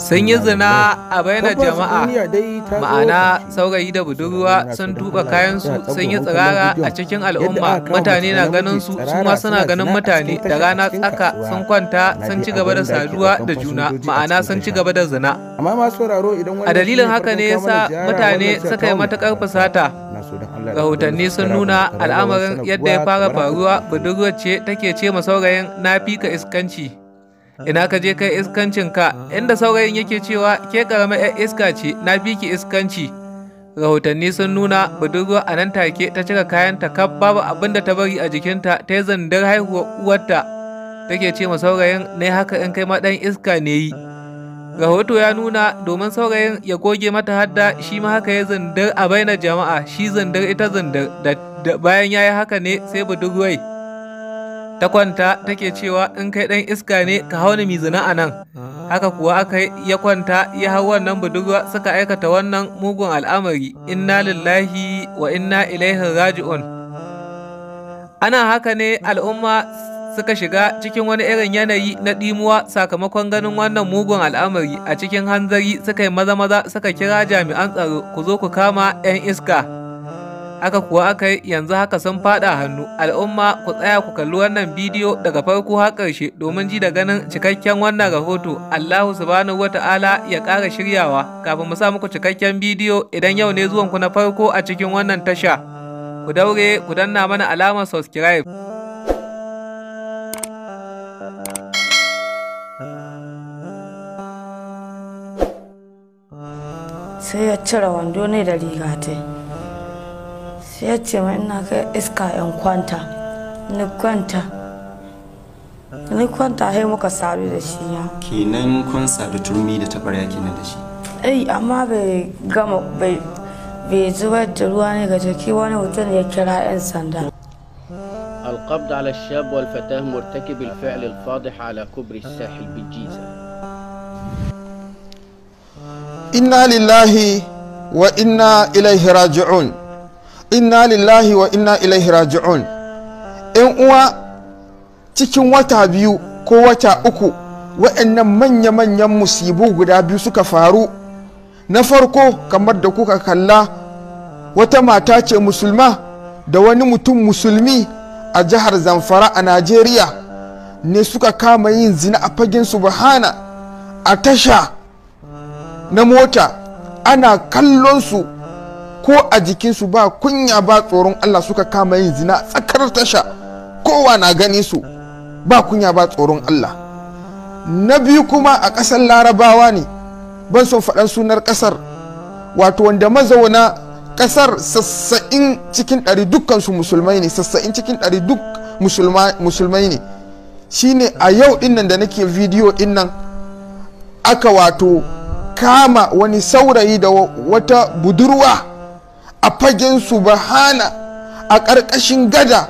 sun yi zina ah. a bayyana jama'a ma'ana saurayi da budurwa sun tuba kayansu sun yi tsirara a cikin al'umma mutane na ganin su su ma suna ganin mutane da rana tsaka sun kwanta sun ci gaba da saduwa da juna ma'ana sun ci gaba da zina a dalilin haka ne yasa mutane suka yi matakar fusata rahotanni sun nuna al'amarin yadda ya fara faruwa budurwa ce take ce saurayin na fika iskanci ina ka je kai iskancin ka inda saurayin yake cewa ke karama 'yar iska ce na biki iskanci rahotanni sun nuna budurwa a nan take ta cika kayan ta, kaf babu abin da ta bari a jikinta ta yi zandar haihuwar uwarta take ce ma saurayin ne haka in kai ma dan iska ne yi rahoto ya nuna domin saurayin ya goge mata hadda shi ma haka ya zandar a bainar jama'a shi zandar ita zandar da bayan ya yi haka ne sai budurwai ta kwanta take cewa in kai ɗan iska ne ka hau ni mizina a nan haka kuwa aka ya kwanta ya hau wannan budurwa suka aikata wannan mugun al'amari inna lillahi wa inna ilaihi raji'un ana haka ne al'umma suka shiga cikin wani irin yanayi na ɗimuwa sakamakon ganin wannan mugun al'amari a cikin hanzari suka yi maza-maza suka kira jami'an tsaro ku zo ku kama 'yan iska Aka kuwa aka yi yanzu haka sun faɗa hannu. Al'umma ku tsaya ku kalli wannan bidiyo daga farko har ƙarshe domin ji da ganin cikakken wannan rahoto. Allahu subhanahu wata'ala ya ƙara shiryawa kafin mu sa muku cikakken bidiyo idan yau ne zuwan ku na farko a cikin wannan tasha. Ku daure ku danna mana alamar subscribe. sai ya cire wando ne da rigatai sai ya ce mai ina kai iska yan kwanta ni kwanta ni kwanta sai muka sadu da shi ya kenan kun sadu turmi da tabarya kenan da shi ai eh, amma bai gama bai bai zubar da ruwa ne ga jiki wani mutum ya kira yan sanda القبض على الشاب والفتاة مرتكب الفعل الفاضح على كبر الساحل بالجيزة إنا لله وإنا إليه راجعون inna lillahi wa inna ilaihi raji'un in uwa cikin wata biyu ko wata uku waɗannan manya-manyan musibu guda biyu suka faru na farko kamar da kuka kalla wata mata ce musulma da wani mutum musulmi a jihar zamfara a najeriya ne suka kama yin zina a fagen subhana a tasha na mota ana kallon su ko a jikinsu ba kunya ba tsoron Allah suka kama yin zina tsakar tasha kowa na gani su ba kunya ba tsoron Allah na biyu kuma a ƙasar larabawa ne ban so faɗan sunar ƙasar wato wanda mazauna ƙasar sassa'in cikin ɗari dukkansu musulmai ne sassa'in cikin ɗari duk musulmai ne shine a yau dinnan da nake bidiyo dinnan aka wato kama wani saurayi da wata budurwa a fagen subhana a ƙarƙashin gada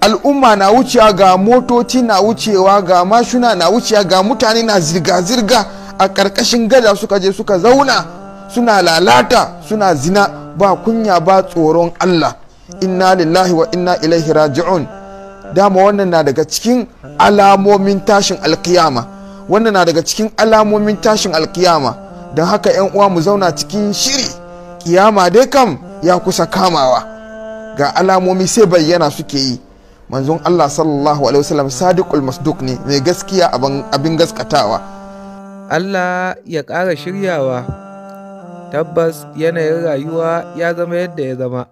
al'umma na wucewa ga motoci na wucewa ga mashuna na wucewa ga mutane na zirga-zirga a ƙarƙashin gada suka je suka zauna suna lalata suna zina ba kunya ba tsoron Allah inna lillahi wa inna ilaihi raji'un dama wannan na daga cikin alamomin tashin alkiyama wannan na daga cikin alamomin tashin alkiyama don haka 'yan uwa mu zauna cikin shiri kiyama dai kam ya kusa kamawa ga alamomi sai bayyana suke yi manzon Allah sallallahu alaihi wasallam sadiqul masduq ne mai gaskiya abin gaskatawa Allah ya ƙara shiryawa tabbas yanayin rayuwa ya zama yadda ya zama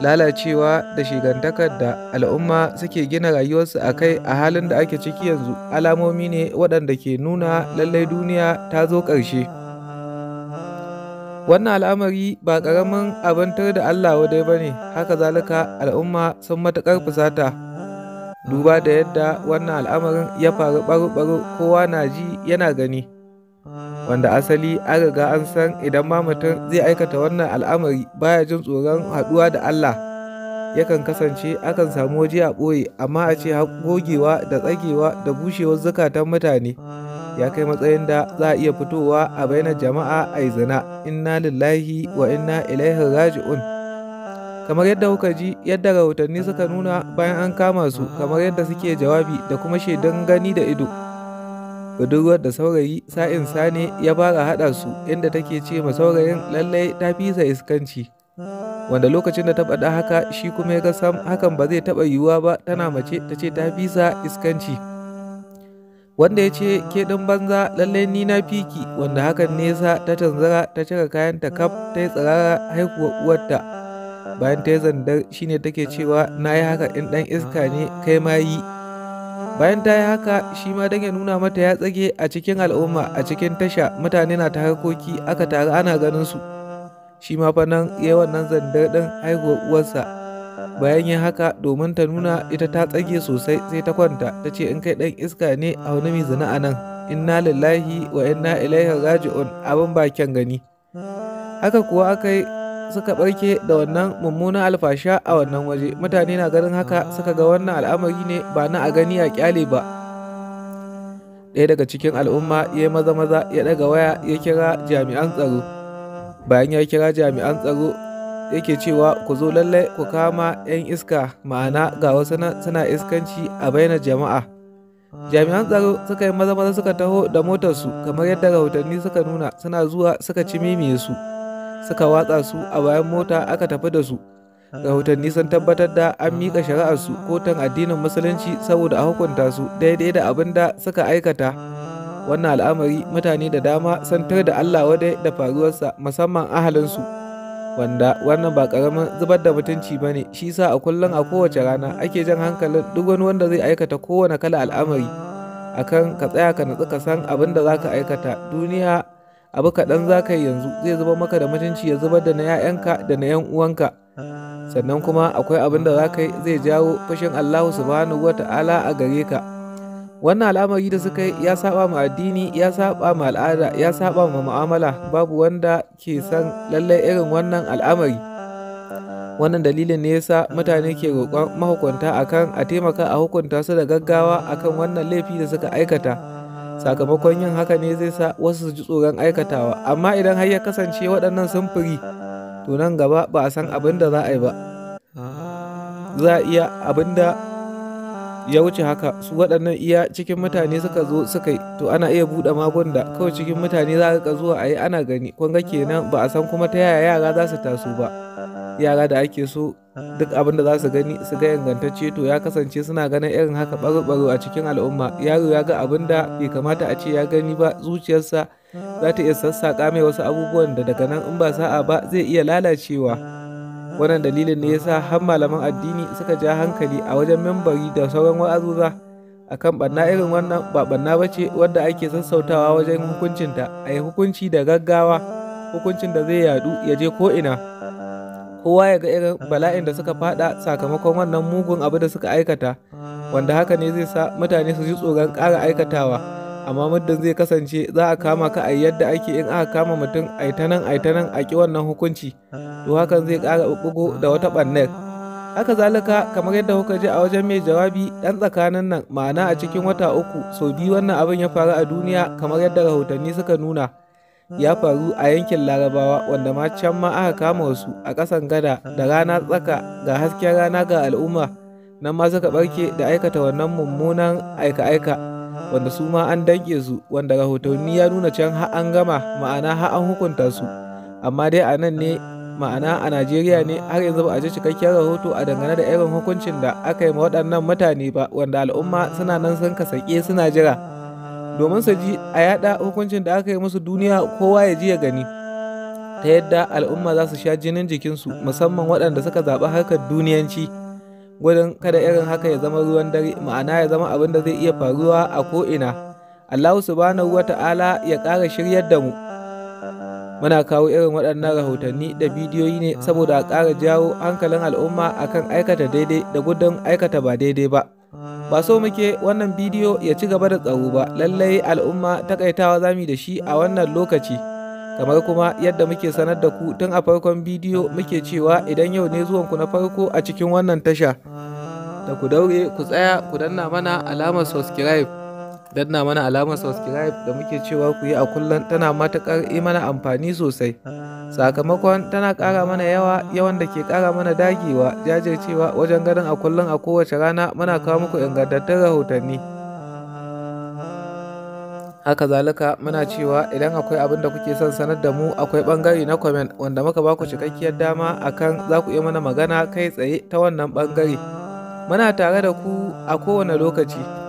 lalacewa da shigantakar da al'umma suke gina rayuwarsu a kai a halin da ake ciki yanzu alamomi ne waɗanda ke nuna lallai duniya ta zo ƙarshe wannan al'amari ba ƙaramin abantar da Allah wadai ba ne haka zalika al'umma sun matuƙar fusata duba da yadda wannan al'amarin ya faru ɓaro kowa na ji yana gani wanda asali an riga an san idan ma mutum zai aikata wannan al'amari baya jin tsoron haɗuwa da Allah yakan kasance akan samu waje a ɓoye amma a ce gogewa da tsagewa da bushewar zukatan mutane ya kai matsayin da za a iya fitowa a bainar jama'a a zina inna lillahi wa inna ilaihi raji'un kamar yadda kuka ji yadda rahotanni suka nuna bayan an kama su kamar yadda suke jawabi da kuma shaidan gani da ido budurwar da saurayi sa'in sane ya fara haɗa su inda take ce ma saurayin lallai ta fisa iskanci wanda lokacin da ta faɗa haka shi kuma ya ga sam hakan ba zai taɓa yiwuwa ba tana mace ta ce ta fisa iskanci wanda ya ce ke ɗin banza lalle ni na fiki wanda hakan nesa ta tanzara ta cika kayan ta kaf ta yi tsirara haihuwa uwarta bayan ta yi zandar shine take cewa na yi haka in ɗan iska ne kai ma yi bayan ta yi haka shi ma don ya nuna mata ya tsage a cikin al'umma a cikin tasha mutane na ta harkoki aka taru ana ganin su shi ma fa nan ya wannan zandar ɗin haihuwar uwarsa bayan yin haka domin ta nuna ita ta tsage sosai sai ta kwanta ta ce in kai ɗan iska ne a wani mai zina a nan inna lillahi wa inna ilaihi raji'un abin bakin gani haka kuwa aka yi suka barke da wannan mummunan alfasha a wannan waje mutane na ganin haka suka ga wannan al'amari ne ba na a gani a kyale ba ɗaya daga cikin al'umma ya yi maza maza ya ɗaga waya ya kira jami'an tsaro bayan ya kira jami'an tsaro yake cewa ku zo lallai ku kama 'yan iska ma'ana ga wasu nan suna iskanci a bainar jama'a jami'an tsaro suka yi maza maza suka taho da motarsu kamar yadda rahotanni suka nuna suna zuwa suka ci mimiye su suka watsa su a bayan mota aka tafi da su rahotanni sun tabbatar da an miƙa shari'arsu kotun addinin musulunci saboda a hukunta su daidai da abin da suka aikata wannan al'amari mutane da dama sun tar da allah wadai da faruwarsa musamman ahalinsu wanda wannan ba karamin zubar da mutunci ba ne shi sa a kullum a kowace rana ake jan hankalin duk wani wanda zai aikata kowane kala al'amari kan ka tsaya ka natsu ka san abin da za ka aikata duniya abu kaɗan za ka yi yanzu zai zuba maka da mutunci ya zubar da na 'ya'yanka da na 'yan uwanka sannan kuma akwai abin da za ka yi zai jawo fushin allahu subhanahu wa ta'ala a gare ka wannan al'amari da suka yi ya saba ma addini ya saba ma al'ada ya saba ma mu'amala babu wanda ke san lallai irin wannan al'amari wannan dalilin ne yasa mutane ke roƙon mahukunta akan a taimaka a hukunta su da gaggawa akan wannan laifi da suka aikata sakamakon yin haka ne zai sa wasu su ji tsoron aikatawa amma idan har ya kasance waɗannan sufuri, to nan gaba ba a san abin da za a yi ba za a iya abin da ya wuce haka su waɗannan iya cikin mutane suka zo suka yi to ana iya buɗe magun da kawai cikin mutane za ka zuwa a yi ana gani kun kenan ba a san kuma ta yaya yara za su taso ba yara da ake so duk abin da za su gani su ga ingantacce to ya kasance suna ganin irin haka ɓaro-ɓaro a cikin al'umma yaro ya ga abin da bai kamata a ce ya gani ba zuciyarsa za ta iya sassaƙa mai wasu abubuwan da daga nan in ba sa'a ba zai iya lalacewa. wannan dalilin ne yasa har malaman addini suka ja hankali a wajen membari da sauran wa'azuza akan banna irin wannan ba banna bace wadda ake sassautawa wajen hukuncinta a yi hukunci da gaggawa hukuncin da zai yadu ya je ko'ina. kowa ya ga irin bala'in da suka fada sakamakon wannan mugun abu da suka aikata wanda haka ne zai sa mutane su ji tsoron ƙara aikatawa amma muddin zai kasance za a kama ka a yadda ake in aka kama mutum aitanan aitanan a ki wannan hukunci to hakan zai kara bugu da wata ɓannar haka zalika kamar yadda kuka ji a wajen mai jawabi dan tsakanin nan ma'ana a cikin wata uku sau biyu wannan abin ya faru a duniya kamar yadda rahotanni suka nuna ya faru a yankin larabawa wanda ma can ma aka kama wasu a ƙasan gada da rana tsaka ga hasken rana ga al'umma nan ma suka ɓarke da aikata wannan mummunan aika-aika wanda su ma an danke su wanda rahotanni ya nuna can har an gama ma'ana har an hukunta su amma dai a nan ne ma'ana a najeriya ne har yanzu ba a ji cikakken rahoto a dangane da irin hukuncin da aka yi ma waɗannan mutane ba wanda al'umma suna nan sun kasake suna jira domin su ji a yada hukuncin da aka yi musu duniya kowa ya ji ya gani ta yadda al'umma za su sha jinin jikinsu musamman waɗanda suka zaɓi harkar duniyanci. gudun kada irin haka ya zama ruwan dare ma'ana ya zama abin da zai iya faruwa a ko'ina allahu subhanahu wa ta'ala ya ƙara shiryar da mu muna kawo irin waɗannan rahotanni da bidiyoyi ne saboda a ƙara jawo hankalin al'umma akan aikata daidai da gudun aikata ba daidai ba ba so muke wannan bidiyo ya ci gaba da tsaro ba lallai al'umma takaitawa zami da shi a wannan lokaci kamar kuma yadda muke sanar da ku tun a farkon bidiyo muke cewa idan yau ne zuwanku na farko a cikin wannan tasha da ku daure ku tsaya ku danna mana alamar subscribe danna mana alamar subscribe da muke cewa ku yi a kullum tana matuƙar yi mana amfani sosai sakamakon tana ƙara mana yawa yawan da ke ƙara mana dagewa jajircewa wajen ganin a kullum a kowace rana muna kawo muku ingantattun rahotanni haka zalika muna cewa idan akwai abin da kuke son sanar da mu akwai bangare na comment wanda muka baku cikakkiyar dama akan za ku iya mana magana kai tsaye ta wannan bangare muna tare da ku a kowane lokaci